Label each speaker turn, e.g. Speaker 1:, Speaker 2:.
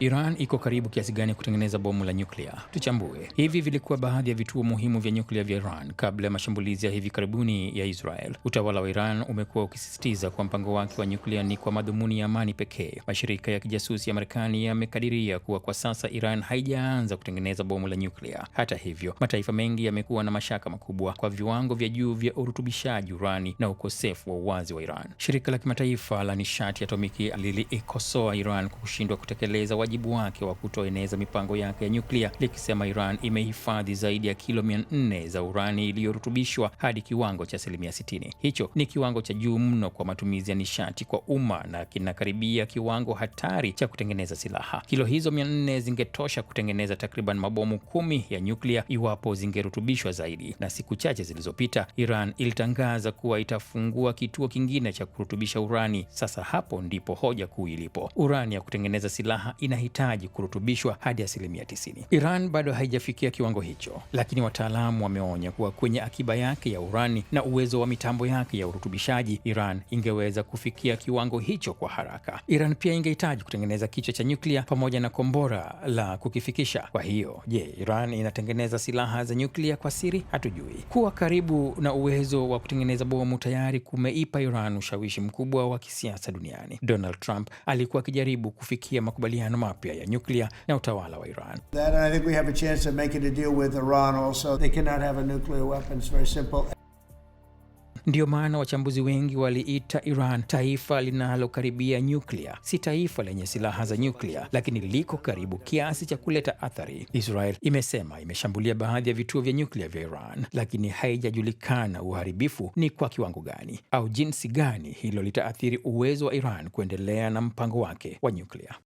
Speaker 1: Iran iko karibu kiasi gani kutengeneza bomu la nyuklia? Tuchambue. Hivi vilikuwa baadhi ya vituo muhimu vya nyuklia vya Iran kabla ya mashambulizi ya hivi karibuni ya Israel. Utawala wa Iran umekuwa ukisisitiza kwa mpango wake wa nyuklia ni kwa madhumuni ya amani pekee. Mashirika ya kijasusi ya Marekani yamekadiria kuwa kwa sasa Iran haijaanza kutengeneza bomu la nyuklia. Hata hivyo, mataifa mengi yamekuwa na mashaka makubwa kwa viwango vya juu vya urutubishaji urani na ukosefu wa uwazi wa Iran. Shirika la kimataifa la nishati atomiki liliikosoa Iran kwa kushindwa kutekeleza wajibu wake wa kutoeneza mipango yake ya nyuklia, likisema Iran imehifadhi zaidi ya kilo 400 za urani iliyorutubishwa hadi kiwango cha asilimia 60. Hicho ni kiwango cha juu mno kwa matumizi ya nishati kwa umma na kinakaribia kiwango hatari cha kutengeneza silaha. Kilo hizo 400 zingetosha kutengeneza takriban mabomu kumi ya nyuklia iwapo zingerutubishwa zaidi. Na siku chache zilizopita Iran ilitangaza kuwa itafungua kituo kingine cha kurutubisha urani. Sasa hapo ndipo hoja kuu ilipo. Urani ya kutengeneza silaha ina inahitaji kurutubishwa hadi asilimia 90. Iran bado haijafikia kiwango hicho, lakini wataalamu wameonya kuwa kwenye akiba yake ya urani na uwezo wa mitambo yake ya urutubishaji, Iran ingeweza kufikia kiwango hicho kwa haraka. Iran pia ingehitaji kutengeneza kichwa cha nyuklia pamoja na kombora la kukifikisha. Kwa hiyo, je, Iran inatengeneza silaha za nyuklia kwa siri? Hatujui. Kuwa karibu na uwezo wa kutengeneza bomu tayari kumeipa Iran ushawishi mkubwa wa kisiasa duniani. Donald Trump alikuwa akijaribu kufikia makubaliano mapya ya nyuklia na utawala wa Iran. Ndiyo maana wachambuzi wengi waliita Iran taifa linalokaribia nyuklia. Si taifa lenye silaha za nyuklia, lakini liko karibu kiasi cha kuleta athari. Israel imesema imeshambulia baadhi ya vituo vya nyuklia vya Iran, lakini haijajulikana uharibifu ni kwa kiwango gani au jinsi gani hilo litaathiri uwezo wa Iran kuendelea na mpango wake wa nyuklia.